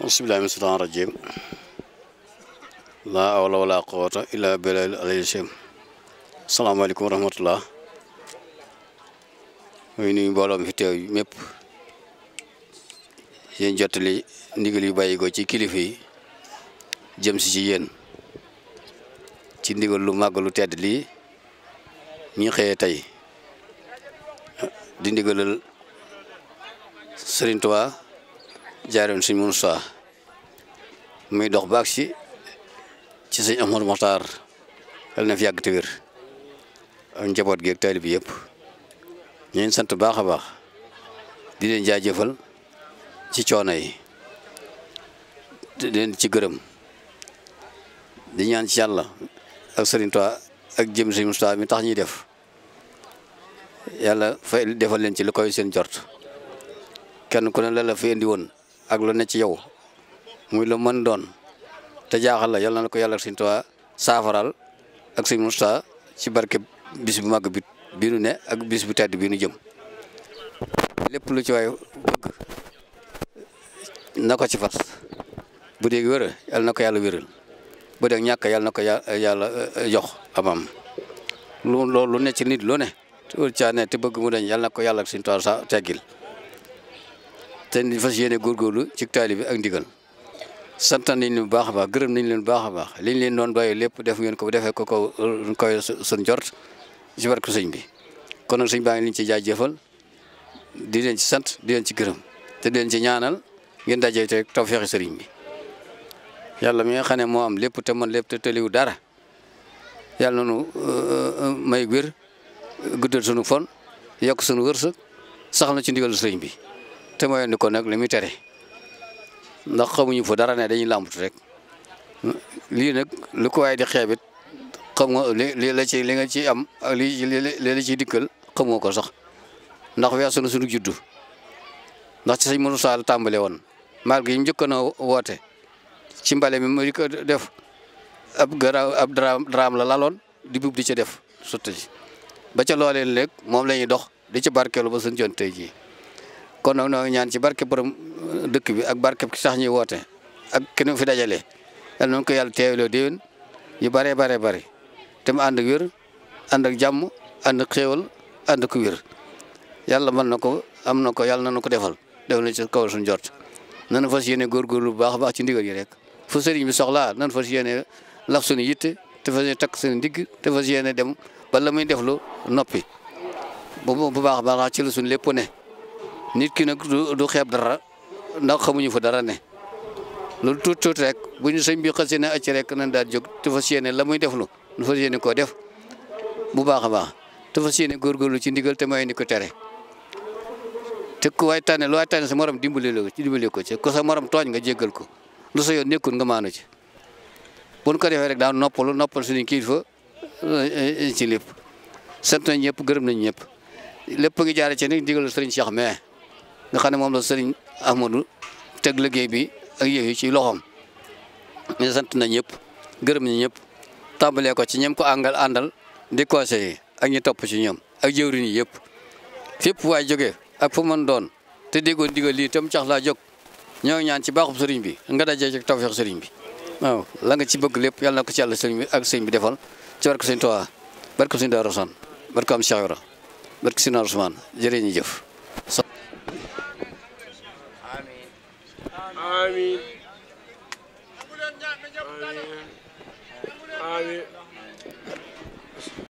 Bismillahirrahmanirrahim. La awla wa la quwata illa bilal alayhisim. Assalamu alaikum warahmatullah. Ini nuy mbolom fi tew mepp. Yen jotali ndigal yu bayiko ci kilifi jëm ci ci yeen. Ci ndigal lu mag lu tedd li ñi xey jaaroon suñ Moussa muy dox baag si ci sëñ Ahmadou Mokhtar yal na fi yàgg te wér ak njaboot gi ak taalib bi yëpp ñu ngi sant baax a baax di leen jaajëfal ci coono yi di ci gërëm di ñaan ci yàlla ak sëriñ ak jëm sëñ Moussa mi tax ñuy def yàlla fay defal leen ci lu koy seen jort kenn ku ne la la fi indi ak lu ne ci yow muy la mën doon te jaaxal la yal na ko yàlla ak Sëñ saafaral ak Sëñ Musaa ci barke bis bu màgg bi bii nu ne ak bis bu tedd bii nu jëm lépp lu ci waay bëgg na ko ci fas bu dee wér yal na ko yàlla wéral bu dee ñàkk yal na ko yàlla eh, eh, jox amam lu loolu lu ne ci nit lu ne te te bëgg mu dañ yal na ko yàlla ak Sëñ sa teggil te ni fas yéene góorgóorlu ci bi ak ndigal santan nañ leen bu baax a baax gërëm nañ leen baax a baax liñ leen doon bàyyi lépp def ngeen ko defee ko ko koy suñ jort ci barke sëñ bi kon sëñ baa ngi leen ci jaajëfal di leen ci sant di leen ci gërëm te di leen ci ñaanal ngeen dajee te tawfeexi sëriñ bi yàlla mi nga ne moo am lépp te man lépp te tëliwu dara yàlla noonu euh, euh, may wér guddal sunu fon yokk sunu wërsëg sax na ci ndigalu sëriñ bi te moyoon ko nag li muy tere ndax xamuñu fo dara ne dañuy làmbatu rek lii nag lu ko waay di xeebit xam nga li li la ci li nga ci am ak li dikkal xamoo ko sax ndax weesu na sunu juddu ndax ci sëñ Moussa saal tàmbale woon maal gi ñu njëkkoon a woote ci mbale mi mu di def ab garaaw ab daraam la laloon di bub di ca def sotti ba ca looleen léeg moom la dox di ci barkeelu ba suñ jon tey jii kon nag noo a ñaan ci barke borom euh, dëkk bi ak barke ki sax ñuy woote ak ki nu fi dajale yal nañu ko yàlla teewloo déwén yu bëree bare bëri te mu ànd ak wér ànd ak jàmm ànd ak xéewal ànd ak wér yàlla mën na ko am na ko yàlla na nu ko defal def na ci kawal suñu jot. nanu fas yéene góorgóorlu bu baax a baax ci ndigal yi rek fu sëriñ bi soxlaa nan fas yéene laf suñu yitte te fa yéene takk ndigg te fas yéene dem ba la muy lu noppi bu bu baax a baax ci la sun lépp ne. nit ki nag du xeeb dara ndax xamuñu fa dara ne loolu tuut tuut rek bu ñu sëñ bi xasee ne acc rek nañ daal jóg te fas yéene la muy lu nu fas yéene koo def bu baax a baax te fas yéene góorgóorlu ci ndigal te may ni ko tere te ku waay tànne lu waay tànne sa morom dimbali la ci dimbali ko ci ko sa morom tooñ nga jéggal ko lu sa yoon nekkul nga maanu ci bu ko defee rek daal noppalu noppal suñu kilifa eh, eh, ci lépp sant nañ ñëpp gërëm nañ ñëpp lépp ngi jaare ci nag ndigal sëriñ Cheikh mais nga xamne mom la serigne ahmadou tegg liggey bi ak yëyu ci loxom ñu sant na ñëpp gërëm ñi ñëpp tambalé ko ci ñem ko angal andal di conseiller ak ñi top ci ñom ak jëwriñ yi yëpp fep way joggé ak fu mën doon te déggoon digal li tam cax jog jóg ñoo ñaan ci baxu serigne bi nga dajé ci tawfiq serigne bi waaw la nga ci bëgg lepp yalla na ci yalla serigne bi ak serigne bi defal ci barke serigne Tuubaa barke serigne Daaru Rasan barke am Cheikh barku barke sëriñ Ousmane jërë jëf آمين آمين آمين